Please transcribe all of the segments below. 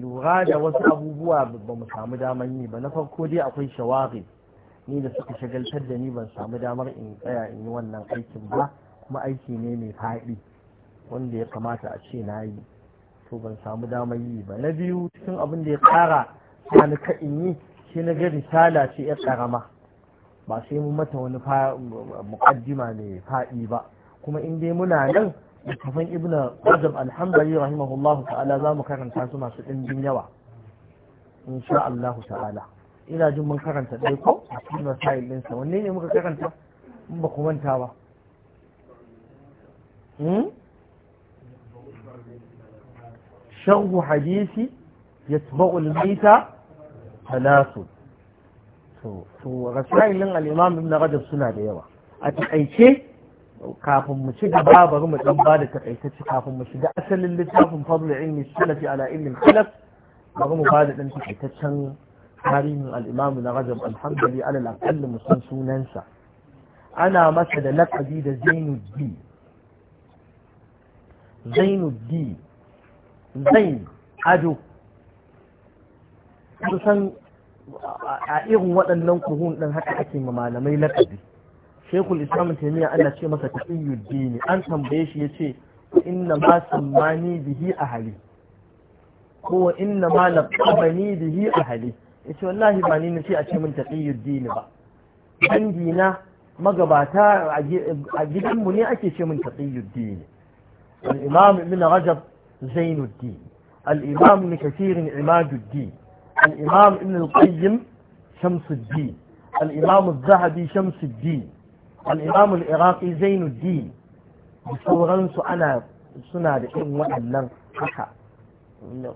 lura da wasu abubuwa ba mu samu damar yi ba na farko dai akwai shawari ni da suka shagaltar da ni ban samu damar in tsaya in yi wannan aikin ba kuma aiki ne mai faɗi wanda ya kamata a ce na yi to ban samu damar yi ba na biyu cikin abin da ya ƙara sani ka in yi shi na ga risala ce ya ƙarama ba sai mu mata wani muƙaddima mai faɗi ba kuma in dai muna nan littafan ibn rajab alhambali rahimahullahu ta'ala za mu karanta su masu ɗimbin yawa insha Allah ta'ala ina jin mun karanta ɗaya ko a cikin masail ɗinsa wanne ne muka karanta in ba ku manta ba hmm? sharhu hadisi yatba'u al-maita talatu to to rasailin al-imam ibn rajab suna da yawa a taƙaice kafin mu ci gaba bari mu dan ba da takaitacce kafin mu shiga asalin littafin fadl ilmi salafi ala ilmi khalaf bari mu ba da dan takaitaccen tarihin al-imam na rajab alhamdulillah ala al mu san sunansa ana masa da laqabi da zainuddin zainuddin zain ado kusan a irin waɗannan kuhun ɗin haka ake ma malamai lakabi شيخ الإسلام التيمية أن شيء ما ستحي الديني أنت يا يشي وإنما سماني به أهلي هو إنما لقبني به أهلي يشي والله ما نين شيء أشي من تقي الديني بقى عندنا مقباتا عجيب مني أشي شيء من تقي الديني الإمام من رجب زين الدين الإمام من كثير عماد الدين الإمام من القيم شمس الدين الإمام الذهبي شمس الدين al'imam al'iraqi zainuddin da sauransu ana suna da irin waɗannan haka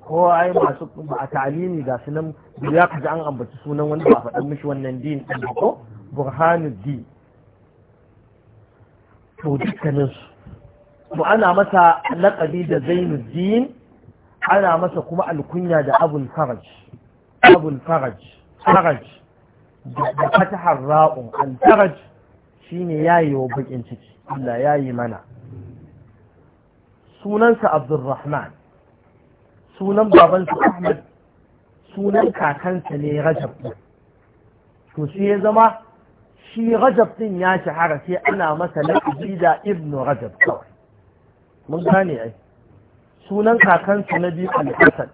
ko ai masu a ta'alimi ga su nan ya kaji an ambaci sunan wanda ba faɗin mishi wannan din ɗin ko burhanuddin to su. to ana masa laƙabi da zainuddin ana masa kuma alkunya da abul faraj abul faraj faraj da fatahar ra'un al faraj shine yayi wa bakin ciki Allah yi mana sunansa Abdulrahman sunan babansa Ahmad sunan kakansa ne Rajab to sai ya zama shi Rajab din ya shahara sai ana masa laƙabi da Ibn Rajab kawai mun gane ai sunan kakansa na biyu Al-Hasan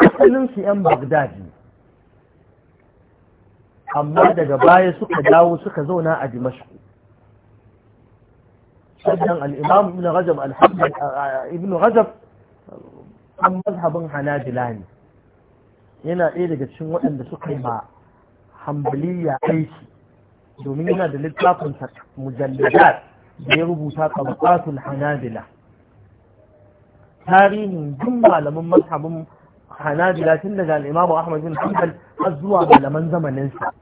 asalin su yan Baghdad amma daga baya suka dawo suka zauna a dimashku sannan al'imam ibn rajab ibn rajab an mazhabin hanadila ne yana ɗaya daga cikin waɗanda suka yi ma hambaliya aiki domin yana da littafin mujalladat da ya rubuta tabaqatul hanabila tarihin duk malaman mazhabin hanabila tun daga al'imamu ahmad bin hanbal har zuwa malaman zamaninsa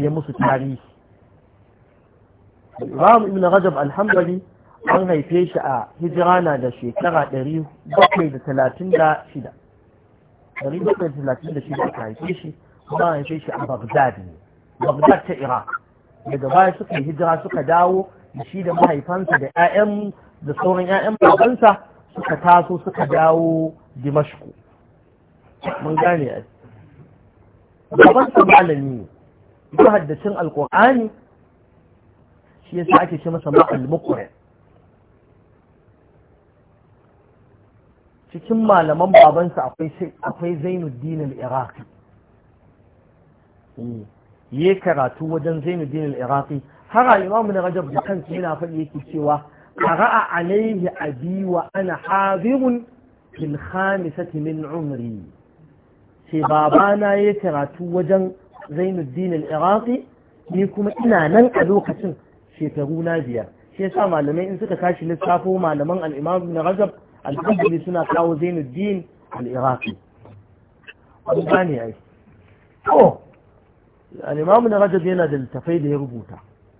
ya musu tarihi Ibrahim ibn rajab alhambali an haife shi a hijira na da shekara 736 736 aka haife shi kuma an haife shi a baghdad ne bagdad ta iraq daga baya suka yi hijira suka dawo da shi da mahaifansa da 'ya'yan da sauran 'ya'yan babansa suka taso suka dawo dimashku mun gane babansa malami ne mahaddacin alkur'ani shi yasa ake ce masa ma'al cikin malaman babansa akwai akwai Zainuddin al hmm. ya karatu wajen Zainuddin al har har na Rajab da kansa yana faɗi yake cewa qara'a alaihi abi wa ana hadirun fil min umri sai babana ya karatu wajen zainuddin al-iraqi ni kuma ina nan a lokacin shekaru na biyar shi yasa malamai in suka kashi lissafo malaman al-imam ibn rajab al-hanbali suna kawo zainuddin al-iraqi an gane ai to al-imam ibn rajab yana da littafai da ya rubuta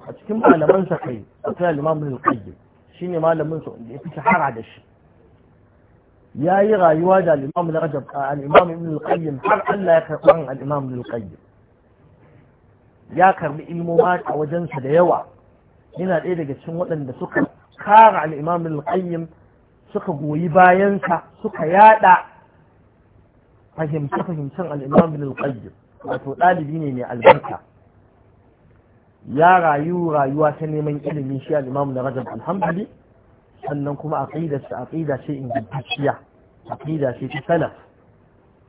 a cikin malaman sa kai akwai al-imam ibn al shine malamin sa wanda ya fi shahara da shi ya yi rayuwa da al'imam na rajab al'imam ibn al-qayyim har Allah ya karɓi al'imam ibn al-qayyim ya karbi ilmoma a wajensa da yawa yana ɗaya daga cikin waɗanda suka kara al'imam al suka goyi bayansa suka yada fahimce-fahimcen al'imam al wato ɗalibi ne mai albarka ya rayu rayuwa ta neman ilimi shi al'imam na rajab alhambali sannan kuma shi aqida in ingantacciya aqida shi ta salaf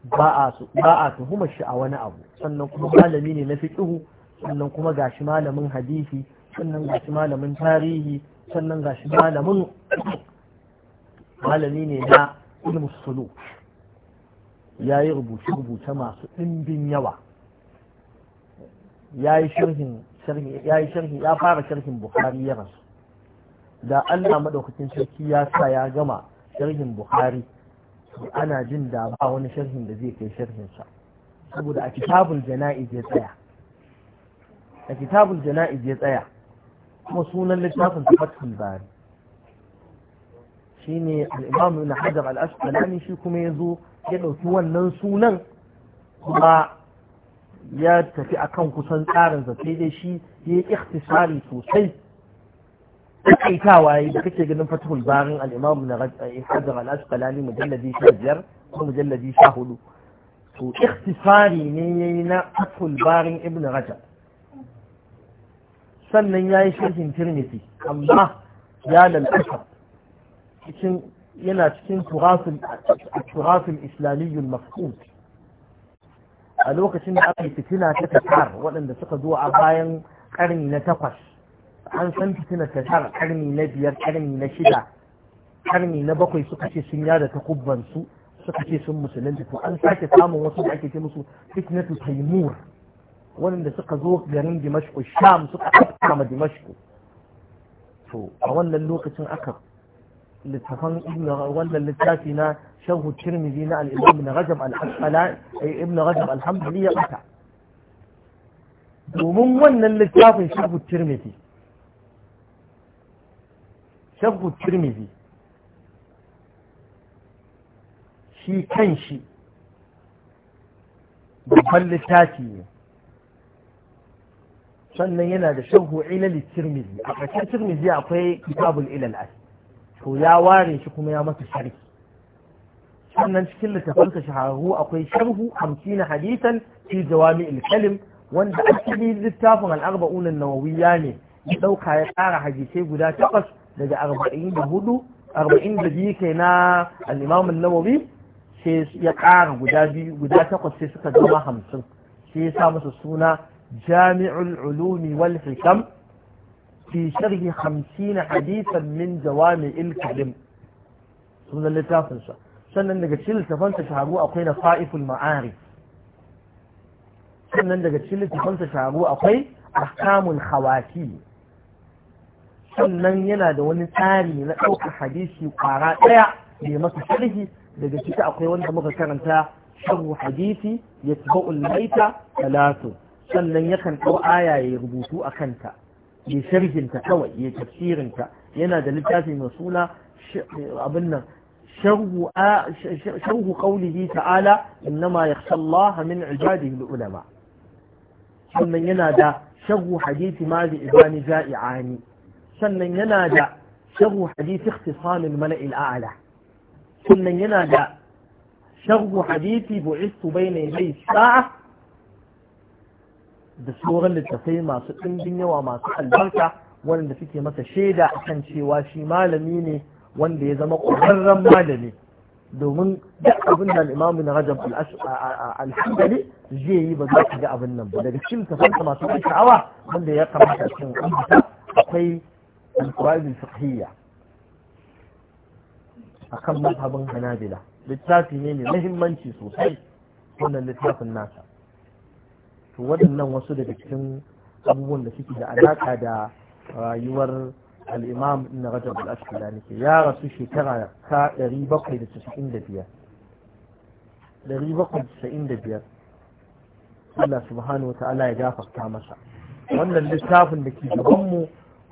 ba a tuhumar shi a wani abu sannan kuma malami ne na fiqhu sannan kuma gashi malamin hadisi sannan gashi malamin tarihi sannan gashi malamin malami ne na ilmu sulu ya yi rubuce-rubuce masu ɗimbin yawa ya yi sharhin ya fara sharhin buhari ya rasu da allah maɗaukacin sarki ya sa ya gama sharhin buhari ana jin da ba wani sharhin da zai kai sharhinsa saboda a kitabul jana'iz ya tsaya a kitabun jana'iz ya tsaya kuma sunan littafin ta fatul bari shine al-imam hajar al shi kuma yazo ya ɗauki wannan sunan kuma ya tafi akan kusan tsarin sa sai dai shi ya yi ikhtisari sosai takaitawa yi da kake ganin fatihul barin al na ibn hajar al-asqalani mujalladi 15 ko mujalladi hudu to ikhtisari ne yi na fatihul barin ibn rajab sannan ya yi sharhin tirniti amma ya lalata cikin yana cikin turasul islamiyyul mafhum a lokacin da aka fitina ta tatar waɗanda suka zo a bayan ƙarni na takwas an san fitina tatar ƙarni na biyar ƙarni na shida ƙarni na bakwai suka ce sun yada ta kubbansu suka ce sun musulunci to an sake samun wasu da ake ce musu fitnatu taimur waɗanda suka zo garin dimashku sham suka kama dimashku to a wannan lokacin aka littafan wannan littafi na sharhu tirmidhi na al-imam ibn rajab al-hanbali eh, ibn rajab al-hanbali ya bata domin wannan littafin sharhu tirmidhi sharhu tirmidhi shi kan shi babban littafi ne sannan yana da sharhu ilal tirmizi a ƙarshen tirmizi akwai kitabul ilal as to ya ware shi kuma ya masa sharhi sannan cikin littafansa shahararru akwai sharhu hamsin hadisan fi jawami kalim wanda asali littafin al-arba'un an-nawawiyya ne ya dauka ya tsara hadisai guda takwas daga 44 42 kai na al-imam an-nawawi sai ya ƙara guda biyu guda takwas sai suka zama hamsin sai ya sa masa suna جامع العلوم والحكم في شرح خمسين حديثا من جوامع الكلم سنة اللي تافنسا سنة نجتشل تفنسا شعبو أقوين خائف المعارف سنة نجتشل تفنسا شعبو أقوين أحكام الخواتي sannan yana da wani tsari na ɗaukar hadisi ƙwara ɗaya mai masa sharhi daga ciki akwai wanda muka karanta sharhu hadisi ya tafi ulaita talatu sannan yakan ɗau aya ya rubutu a kanta ya sharhinta kawai ya tafsirinta yana da littafi mai suna abin nan sharhu qawlihi ta'ala innama yakhsha Allah min ibadihi al ulama sannan yana da sharhu hadithi ma bi ibani ja'iani sannan yana da sharhu hadithi ikhtisam al-mala'i al-a'la sannan yana da sharhu hadithi bu'istu bayna yadayhi sa'a da sauran littattafai masu ɗimbin yawa masu albarka wanda suke masa shaida a kan cewa shi malami ne wanda ya zama ƙwararren malami domin duk abin da al'imamu na rajab alhamdali zai yi ba za ka ga abin nan ba daga cikin littattafai masu ban sha'awa wanda ya kamata cikin ambata akwai alƙur'ani fiqhiyya akan mazhabin hanabila littafi ne mai muhimmanci sosai wannan littafin nasa to waɗannan wasu daga cikin abubuwan da suke da alaƙa da rayuwar al'imam na rajab al'ashkala nake ya rasu shekara ta 795 Allah subhanahu wa ta'ala ya gafarta masa wannan littafin da ke gabanmu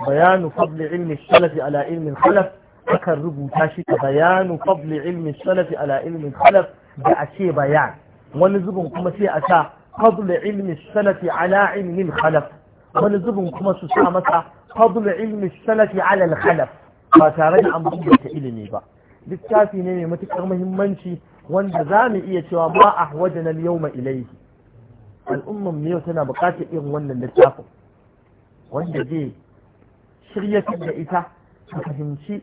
bayanu fadli ilmi salafi ala ilmin khalaf akan rubuta shi ta bayanu fadli ilmi salafi ala ilmin khalaf da a ce bayan wani zubin kuma sai a sa fadl ilmi salafi ala ilmin khalaf wani zubin kuma su sa masa fadl ilmi salafi ala al-khalaf ba tare da an bambanta ilimi ba littafi ne mai matukar muhimmanci wanda za mu iya cewa ma a wajen yawma ilaihi al'ummar mu tana buƙatar irin wannan littafin wanda zai shirya da ita ta fahimci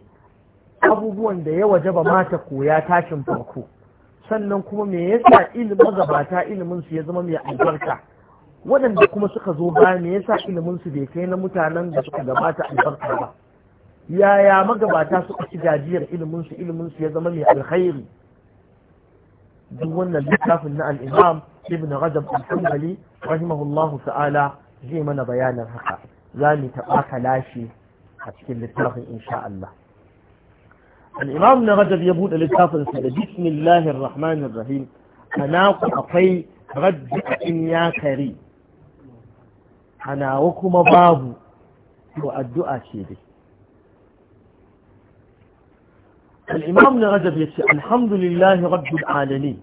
abubuwan da ya wajaba mata koya tashin farko sannan kuma me yasa ilimin iliminsu ilimin su ya zama mai albarka waɗanda kuma suka zo ba me yasa ilimin su bai kai na mutanen da suka gabata albarka ba yaya magabata suka ci gajiyar ilimin su ilimin su ya zama mai alkhairi duk wannan littafin na al-Imam Ibn Rajab al-Hanbali rahimahullahu ta'ala zai mana bayanin haka za mu taɓa lashe a cikin littafin insha Allah al'imam na rajab ya buɗe littafinsa da bismillahir rahmanir rahim a naku akwai radda in ya kare a nawa kuma babu to addu'a ce dai al'imam na rajab ya ce alhamdulillahi rabbil alamin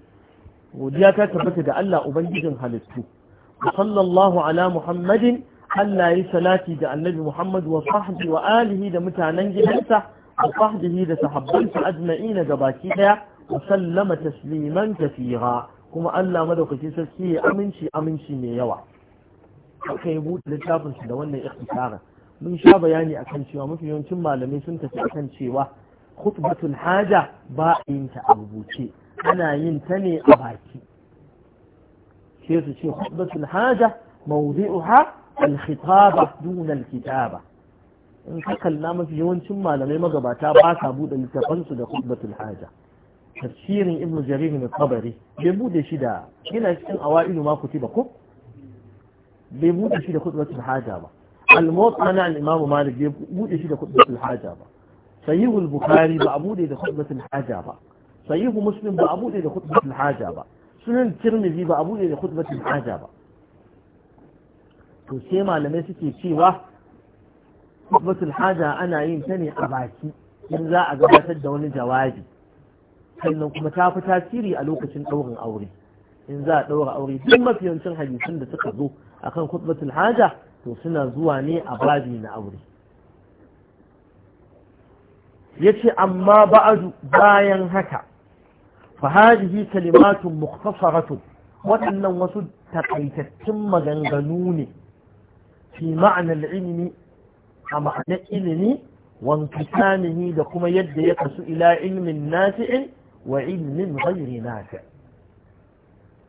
godiya ta tabbata da Allah ubangijin halittu sallallahu ala muhammadin Allah ya salati da annabi Muhammad wa sahbi wa alihi da mutanen gidansa وصحبه ده صحبانس أجمعين قباكي ده وسلم تسليما كثيرا كما ألا مدوك تسلسي أمنشي أمنشي ميوا aka yi buɗe littafinsu da wannan ikhtisarin mun sha bayani akan cewa mafi yawancin malamai sun tafi akan cewa khutbatul haja ba a yin ta a rubuce ana yin ta ne a baki sai su ce khutbatul haja mawdi'uha al kitaba in ka kalla mafi yawancin malamai magabata ba sa buɗe littafansu da khutbatul haja tafsirin ibnu jarir na tabari bai buɗe shi da yana cikin awailu ma kuti ba ko bai buɗe shi da khutbatul haja ba al-muwatta na al-imam malik bai buɗe shi da khutbatul haja ba sahihul bukhari ba a buɗe da khutbatul haja ba sahihu muslim ba a buɗe da khutbatul haja ba sunan tirmidhi ba a buɗe da khutbatul haja ba to sai malamai suke cewa khutbatul haja ana yin ta ne a baki in za a gabatar da wani jawabi sannan kuma ta fi tasiri a lokacin ɗaurin aure in za a ɗaura aure duk mafiyancin hadisan da suka zo a kan khutbatul haja to suna zuwa ne a babi na aure yace amma ba'adu bayan haka fa hadhihi kalimatun mukhtasaratu waɗannan wasu takaitattun maganganu ne fi ma'anar ilimi a ma'anar ilimi wankitanihi da kuma yadda ya kasu ila ilmin nafi'in wa ilimin ghairi nafi'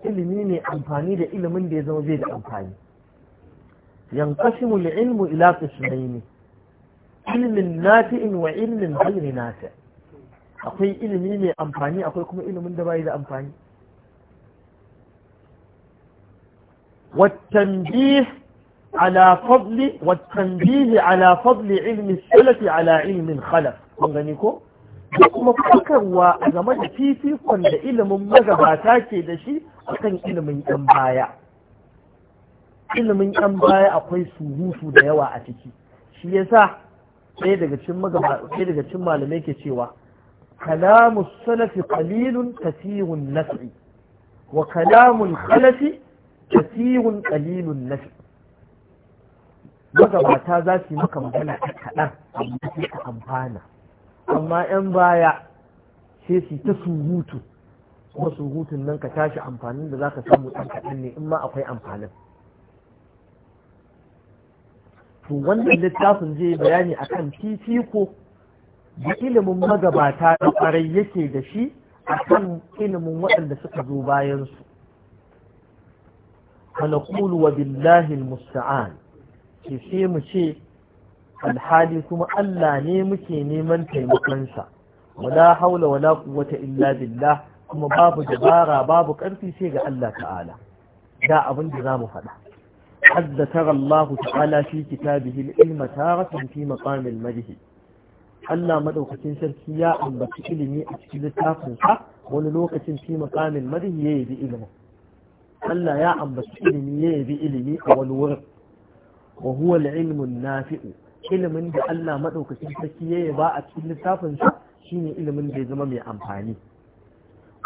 ilimi ne amfani da ilimin da ya zama zai da amfani yanqasimu al-ilmu ila qismayn ilmin nafi'in wa ilimin ghairi nafi' akwai ilimi mai amfani akwai kuma ilimin da bai da amfani والتنبيه على فضل والتنبيه على فضل علم السلف على علم الخلف kun gani ko da kuma fakarwa a game da fifikon da ilimin magabata ke da shi akan ilimin yan baya ilimin yan baya akwai surutu da yawa a ciki shi yasa sa daga ɗaya daga cin malamai ke cewa kalamu salafi kalilun kathirun naf'i wa kalamun khalafi kathirun qalilun naf'i magabata za su yi maka magana ta kaɗan amma sai ka amfana amma 'yan baya sai su ta surutu kuma surutun nan ka tashi amfanin da za ka samu ɗan kaɗan ne in ma akwai amfanin to wannan littafin zai bayani akan fifiko da ilimin magabata da ƙwarai yake da shi akan ilimin waɗanda suka zo bayansu. Hanakulu wa billahi musta'an ke mu ce alhali kuma Allah ne muke neman taimakonsa wala haula wala quwwata illa billah kuma babu dabara babu karfi sai ga Allah ta'ala da abin da zamu faɗa قد ذكر الله تعالى في كتابه العلم تارة في مقام المجه Allah madaukakin sarki ya ambaci ilimi a cikin littafinsa wani lokacin fi makamin madihi ya yabi ilimi Allah ya ambaci ilimi ya yabi ilimi a wani wurin wa huwa al-ilmun nafi'u ilimin da Allah madaukakin sarki yayi ba a cikin littafin sa shine ilimin da ya zama mai amfani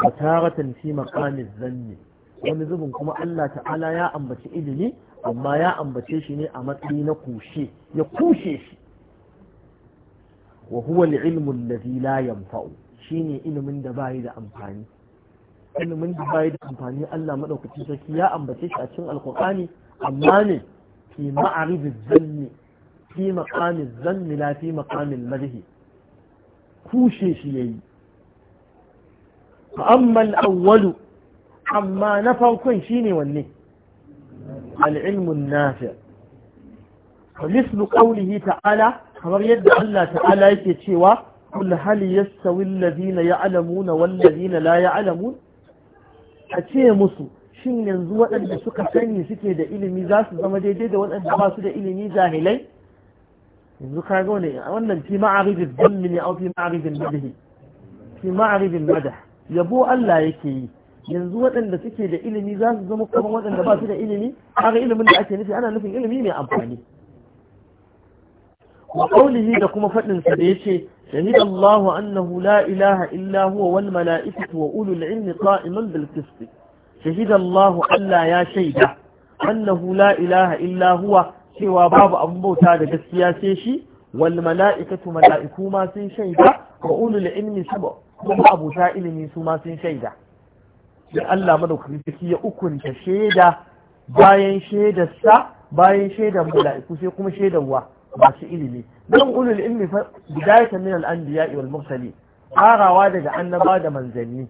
wa taratan fi maqamiz zanni wani zubin kuma Allah ta'ala ya ambaci ilimi amma ya ambace shi ne a matsayi na kushe ya kushe shi wa huwa al-ilmu alladhi la yanfa'u shine ilimin da bai da amfani ilimin da bai da amfani Allah madaukakin sarki ya ambace shi a cikin alqur'ani amma ne في معرض الذم في مقام الذم لا في مقام المدح كوشي شيئي فأما الأول أما نفر كن شيني ولي العلم النافع ومثل قوله تعالى كما يدعى الله تعالى يكتشوا قل هل يستوي الذين يعلمون والذين لا يعلمون أتيه مصر shin yanzu waɗanda suka sani suke da ilimi za su zama daidai da waɗanda ba su da ilimi jahilai yanzu ka ga wannan fi ma'aribin dhammi ne au fi ma'aribin madhi fi ma'aribin madah yabo Allah yake yi yanzu waɗanda suke da ilimi za su zama kuma waɗanda ba su da ilimi har ilimin da ake nufi ana nufin ilimi mai amfani wa qawlihi da kuma faɗin sa da yace shahid Allahu annahu la ilaha illa huwa wal mala'ikatu wa ulul ilmi qa'iman bil qist Shahidallahu Allah ya shaida annahu la ilaha illa huwa cewa babu abun da gaskiya sai shi wal mala'ikatu mala'iku ma sun shaida wa ulul ilmi sab'a kuma abuta ilimi su ma sun shaida da Allah madaukakin sarki ya ukunta shaida bayan shaidarsa bayan shaidar mala'iku sai kuma wa masu ilimi don ulul ilmi fa bidayatan min al-anbiya wal mursalin farawa daga annaba da manzanni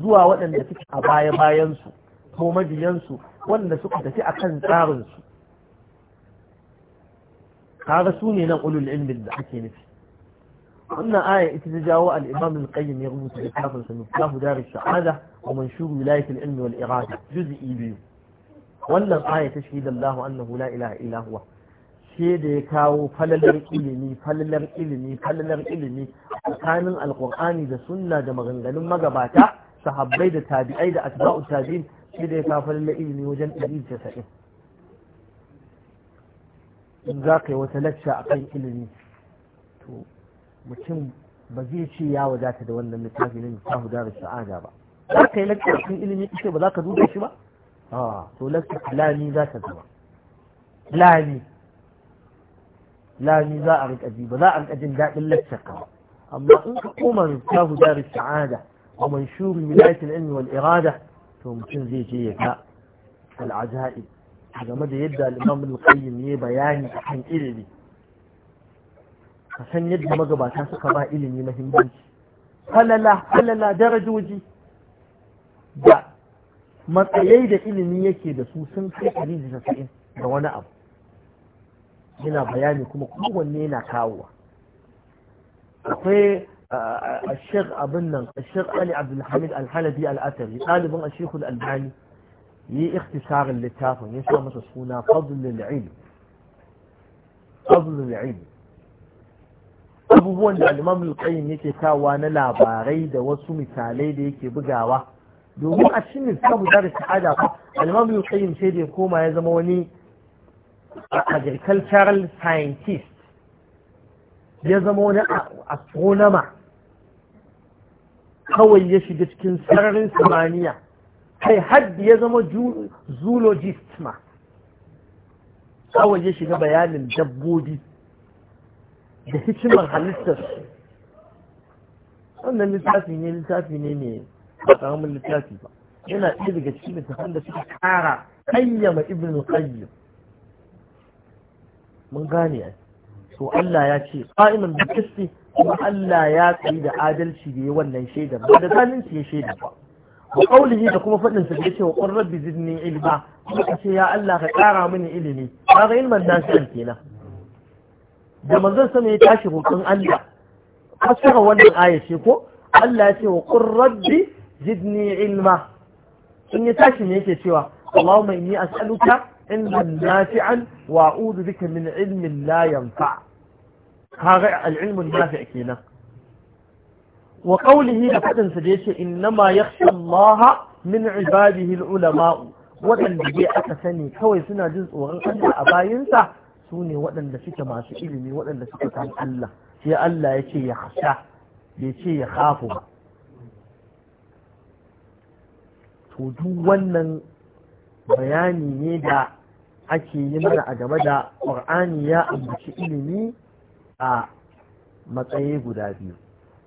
zuwa waɗanda suke a baya-bayansu ko mabiyansu wanda suka tafi a kan tsarinsu kaga su ne nan ulul ilmin da ake nufi wannan aya ita ta jawo al-imam al-qayyim ya rubuta littafin sa miftahu dar shahada wa manshuru wilayat al-ilm wal irada juz'i biyu wannan aya ta shahida Allah annahu la ilaha illa huwa she da ya kawo falalar ilimi falalar ilimi falalar ilimi tsakanin alkur'ani da sunna da maganganun magabata sahabbai da tabi'ai da atba'u tabi'in shi da ya kafa lalle ilimi wajen ɗari casa'in in za ka yi wata lacca a kan ilimi to mutum ba zai ce ya wadata da wannan littafi ta littafi da sa'ada ba za ka yi lacca a kan ilimi ita ba za ka duba shi ba a to lacca lami za ta zama lami lami za a rika ji ba za a rika jin daɗin lacca ka amma in ka koma ta littafi da sa'ada wa manshur wilayatul ilmi wani irada to mutum zai je ya ga al'ajaib game da yadda al-imam al-qayyim ya bayani akan ilimi ka san yadda magabata suka ba ilimi muhimmanci halala halala darajoji da matsayai da ilimi yake da su sun kai ɗari da tasa'in da wani abu yana bayani kuma kowanne yana kawowa akwai الشيخ أبنن الشيخ علي عبد الحميد الحلبي الأثري طالب الشيخ الألباني yi ikhtisarin littafin ya sa masa suna fadlul ilm fadlul abubuwan da al-imam al-qayyim yake kawa na labarai da wasu misalai da yake bugawa domin a cikin littafin da sa'ada fa al-imam sai da koma ya zama wani agricultural scientist ya zama wani astronomer kawai ya shiga cikin sararin samaniya kai haddi ya zama zoologist ma kawai ya shiga bayanin dabbobi da hikimar halittarsu wannan littafi ne littafi ne mai ba karamin littafi ba yana ɗaya daga cikin littafin da suka kara kayyama ibn qayyim mun gane To Allah ya ce qa'iman bi kuma Allah ya tsayi da adalci da ya wannan shaida ba da zalunci ya shaida ba wa qawlihi da kuma fadin sa yace wa qur rabbi zidni ilma kuma kace ya Allah ka kara mini ilimi kaga ilman nasiran kenan da manzon sama ya tashi hukun Allah fasara wannan aya ce ko Allah ya ce wa rabbi zidni ilma in ya tashi ne yake cewa Allahumma inni as'aluka ilman nafi'an wa a'udhu bika min ilmin la yanfa' kaga al'ilmin nafi ake nan waƙaunihi da faɗin su da ce ma ya shallaha min ibadihi ulama'u waɗanda bai aka sani kawai suna jin tsoron Allah a bayinsa sune ne waɗanda suke masu ilimi waɗanda suke san Allah sai Allah ya ce ya hasha ba to wannan bayani ne da ake yi mana a game da Qur'ani ya ambaci ilimi a matsayi guda biyu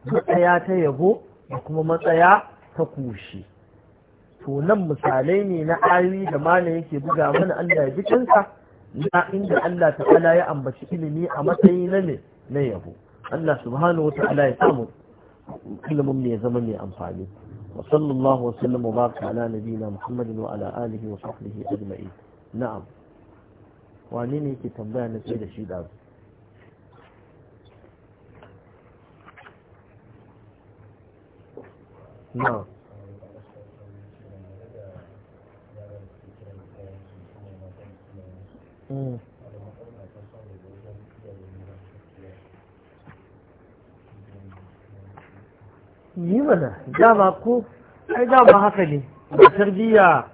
matsaya ta yabo da kuma matsaya ta kushe to nan misalai ne na ayoyi da mana yake buga mana Allah ya ji ka? na inda Allah Ta ta'ala ya ambaci ilimi a matsayi na ne na yabo Allah subhanahu wata'ala ya samu ilimin ne ya zama mai amfani wa sallallahu wasallam wa baraka ala nabiyina muhammadin wa ala alihi wa sahbihi ajma'in na'am wani ne yake tambaya na sai da shi da na yi mana dama ko ai dama haka ne ba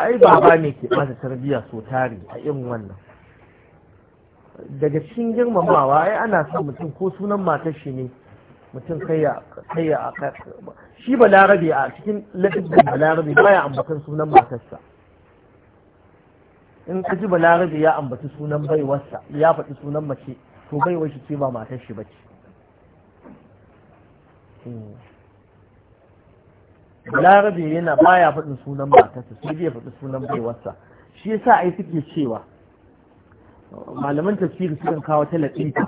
ai baba ne ke bata tarbiyya so tari a irin wannan daga cikin girmamawa ai ana son mutum ko sunan matar shi ne mutum sai ya shi balarabe a cikin laɗin balarabe ya ambatan sunan matarsa in ka ji balarabe ya ambaci sunan baiwarsa ya faɗi sunan mace to baiwar shi ce ba matar shi bace balarabe yana baya faɗin sunan matarsa sai zai faɗi sunan baiwarsa shi yasa ai suke cewa malaman tafsiri sukan kawo talatinta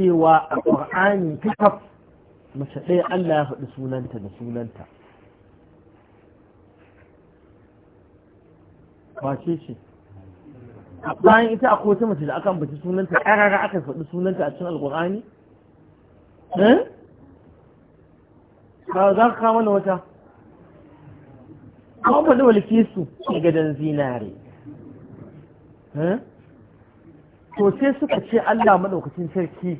cewa a ƙwar'ani kakaf mace ɗaya Allah ya faɗi sunanta da sunanta wace ce bayan ita a kowace mace da aka ambaci sunanta ƙarara aka faɗi sunanta a cikin alƙur'ani eh? ba za ka kama na wata an faɗi walke su a gadon zinare eh? to sai suka ce Allah maɗaukacin sarki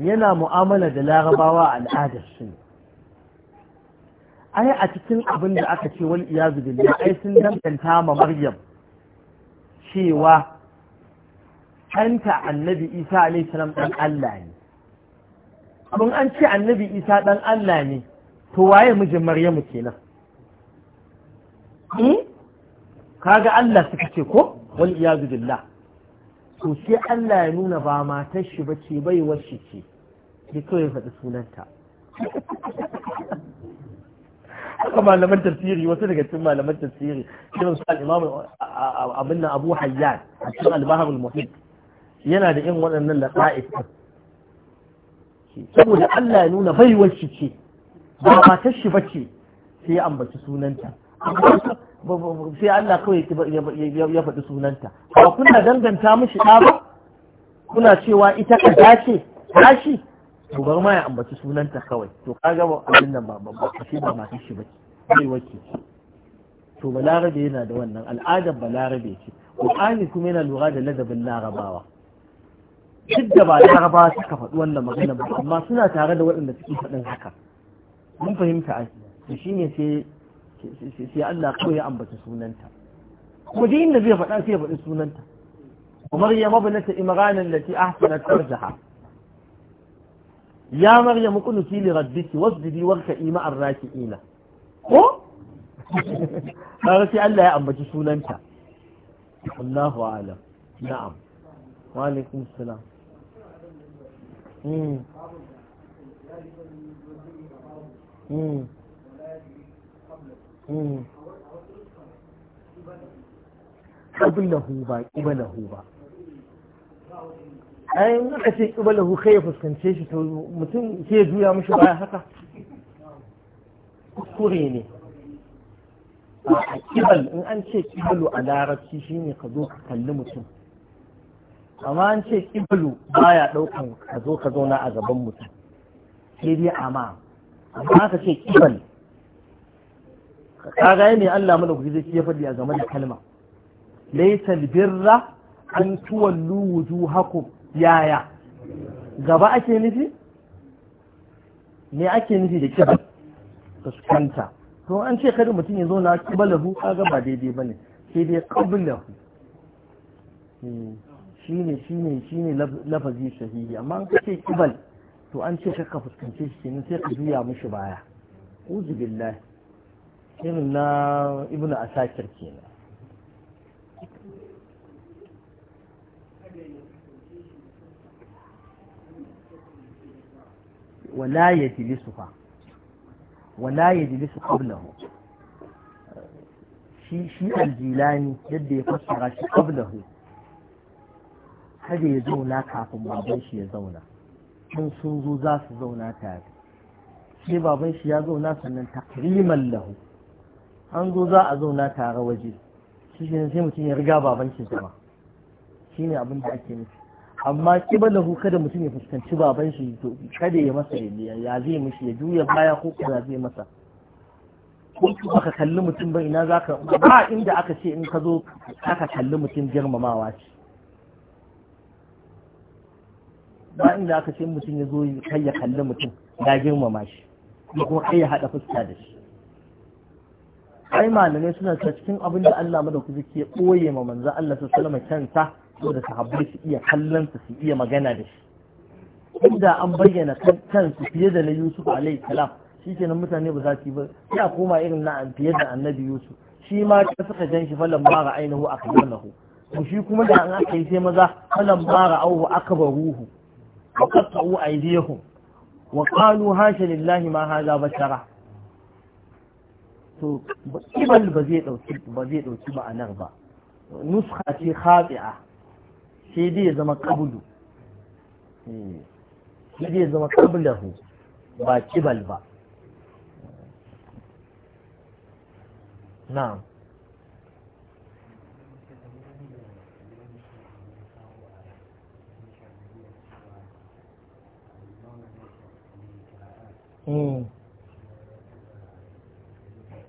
yana mu'amala da larabawa al'adar su ai a cikin abin da aka ce wal iyazu billah ai sun danganta ma maryam cewa hanta annabi isa alaihi salam dan Allah ne abin an ce annabi isa dan Allah ne to waye mijin maryamu kenan hmm? kaga Allah suka ce ko wal iyazu billah to sai Allah ya nuna ba matar shi ba ce bai wacce ce da kawai faɗi sunanta haka malaman tafsiri wasu daga cikin malaman tafsiri irin su al-imam abin nan Abu Hayyan a cikin al-Bahr al-Muhit yana da yin waɗannan da laqa'is saboda Allah ya nuna baiwar shi ce ba matar shi ba ce sai ya ambaci sunanta sai Allah kawai ya faɗi sunanta ba kuna danganta mishi ɗa ba kuna cewa ita ka dace tashi to bar ma ya ambaci sunanta kawai to kaga ba abin nan ba ba shi ba ma shi ba wake to balarabe yana da wannan al'adar balarabe ce Qur'ani kuma yana lura da ladabin larabawa duk da ba larabawa suka faɗi wannan magana ba amma suna tare da waɗanda suke faɗin haka mun fahimta ai to shine sai sai Allah kawai ya ambata sunanta kuma duk inda zai faɗa sai ya faɗi sunanta ومريم ابنة إمران التي أحسنت فرجها يا مريم قنتي لربك واسجدي واركعي مع الراكعين ko kaga sai Allah ya ambaci sunanta Allahu a'lam na'am wa alaikum salam mm mm ƙiblahu hmm. ba ƙiblahu ba ayin ka ce ƙiblahu kai ya fuskance shi to mutum ke juya mishi baya haka kuskure ne a ƙibal in an ce ƙibalu a larabci ne ka zo ka kalli mutum amma an ce ƙibalu baya ɗaukan ka zo ka zauna a gaban mutum sai dai amma amma ka ce ƙibal kaga ne Allah mana kuke zai ya faɗi a game da kalma laysa birra an tuwallu haku yaya gaba ake nufi me ake nufi da kibar fuskanta to an ce kada mutum ya zo na kibalahu kaga ba daidai bane sai dai qablahu hmm. shine shine shine lafazi sahihi amma an kace kibal to an ce ka fuskance shi ne sai ka juya mishi baya uzu billahi irin na ibn asakir kenan wala ya jilisu fa wala ya qablahu shi shi aljilani yadda ya fassara shi qablahu hada ya zauna kafin baban shi ya zauna in sun zo za su zauna tare sai baban shi ya zauna sannan takriman lahu an zo za a zauna tare waje shi ne sai mutum ya riga babancin ba shi ne abin da ake nufi amma kibalahu kada mutum ya fuskanci baban shi to kada ya masa ya zai mishi ya juya baya ko kuma zai masa ko baka kalli mutum ba ina zaka ba inda aka ce in ka zo aka kalli mutum girmamawa ce ba inda aka ce mutum ya zo kai ya kalli mutum ya girmama shi ko kai ya hada fuska da shi ai malamai suna ta cikin abin da Allah madaukaki ya koye ma manzo Allah sallallahu alaihi kansa saboda sahabbai su iya kallon su iya magana da shi inda an bayyana kansu fiye da na Yusuf alaihi salam shikenan mutane ba za su yi ba ya koma irin na fiye da annabi Yusuf shi ma ta suka jan shi falan mara ainihu a kallon to shi kuma da an aka yi sai maza falan mara auhu aka baruhu wa qatta'u aydiyahum wa qalu hasha lillahi ma hadha bashara to kibal ba zai dauki ba zai dauki ma'anar ba nuskha ce khati'a sai dai ya zama qablu eh, sai dai ya zama qablahu ba kibal ba na'am Mm.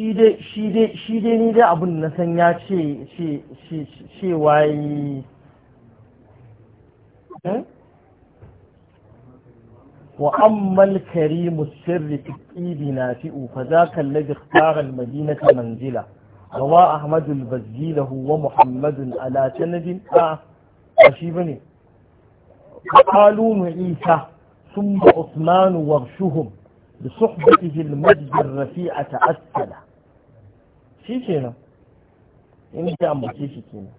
shi dai shi dai shi dai ni dai abin na san ya ce ce ce hmm? wa ammal karimu sirri fi qibi nafi'u fa zaka alladhi ikhtara al-madinata manzila rawa ahmad al-bazzi lahu wa muhammad ala sanadin a shi bane qalu isa thumma usman wa shuhum بصحبته المجد الرفيعة أسفله shi kenan in ji ambace shi kenan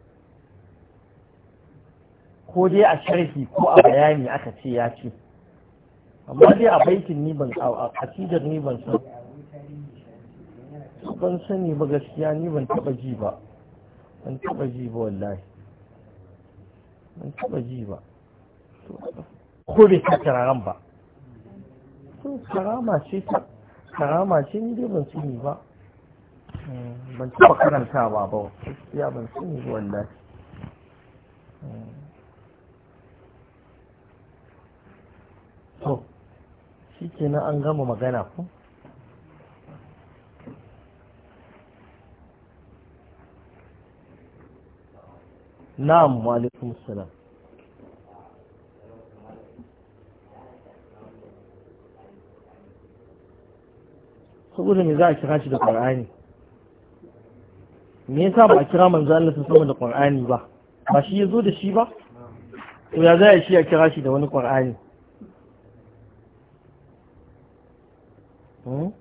ko dai a sharhi ko a bayani aka ce ya ce amma dai a baitin ni ban a kasidar ni ban san ban sani ba gaskiya ni ban taba ji ba ban taba ji ba wallahi ban taba ji ba ko bai ta kararan ba karama ce ta karama ce ni dai ban sani ba Eh, ban taɓa karanta ba ba. ya ban sani wallahi eh. to shi kenan an gama magana ku? na'am wa alaikum salam saboda me za a kira shi da ƙar'ani me yasa ba a kira manzo Allah sun sama da Qur'ani ba ba shi yazo da shi ba to ya zai shi a kira shi da wani Qur'ani hmm,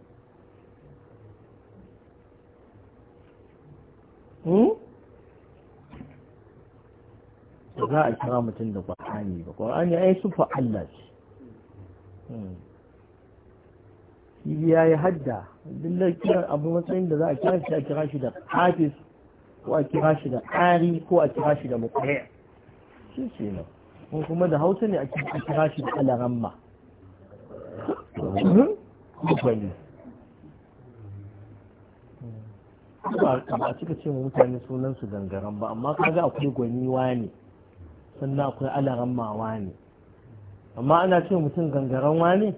hmm? za a kira mutum da Qur'ani ba Qur'ani ai sufa Allah ce hmm. ya yi hadda dillar kiran abu matsayin da za a kira shi a kira shi da hafis ko a kira shi da ƙari ko a kira shi da mukwaya shi ce na kuma da hausa ne a kira shi da alaramma ba a cika ce wa mutane sunan su gangaren ba amma kaga akwai gwaniwa ne sannan akwai alaramma ne amma ana ce mutum gangaren wa ne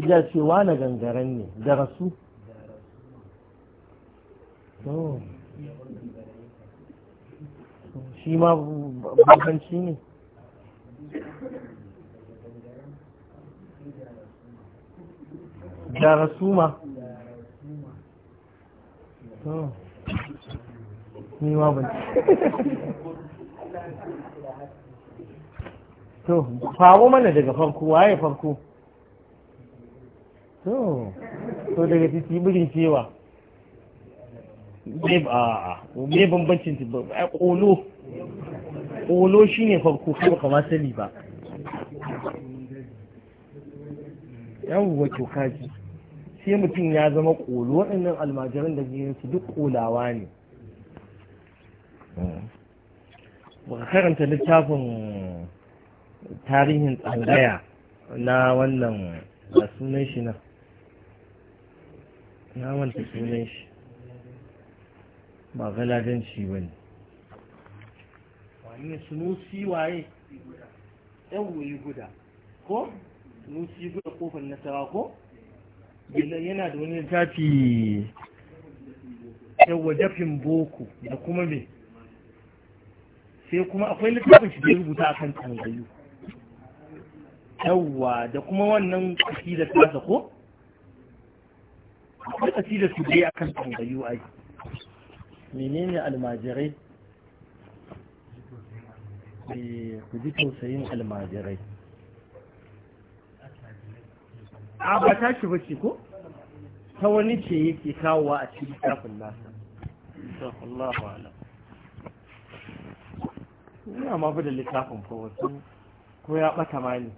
ya ce na gangaren ne da rasu shi ma bakanci ne da rasu ma ni ma ban to fawo mana daga farko waye farko to daga titi birin cewa me a me bambancin kolo kolo. shi shine farko ko ba kama sani ba yawwa to kaji sai mutum ya zama kolo waɗannan almajiran da su duk kolawa ne ka karanta littafin tarihin tsangaya na wannan sunan shi nan na manta sunan shi ba galadanci ba ne wani sunusi waye yan wuyi guda ko sunusi guda kofar nasara ko yana da wani littafi yawa dafin boko da kuma me sai kuma akwai littafin shi da ya rubuta akan tangayu yawa da kuma wannan kaki da tasa ko akwai da su dai akan tambayu ai menene almajirai eh, ku ji tausayin almajirai a ba ta shi ba ce ko ta wani ce yake kawowa a cikin kafin nasa Allah ina ma fi da littafin fa wasu ko ya ɓata ma ne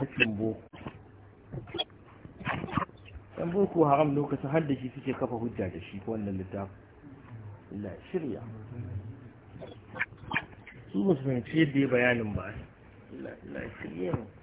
cikin boko yan boko haram lokacin har da shi suke kafa hujja da shi wannan littafin la shirya su Musulunci yadda ya bayanin ba la shirya ne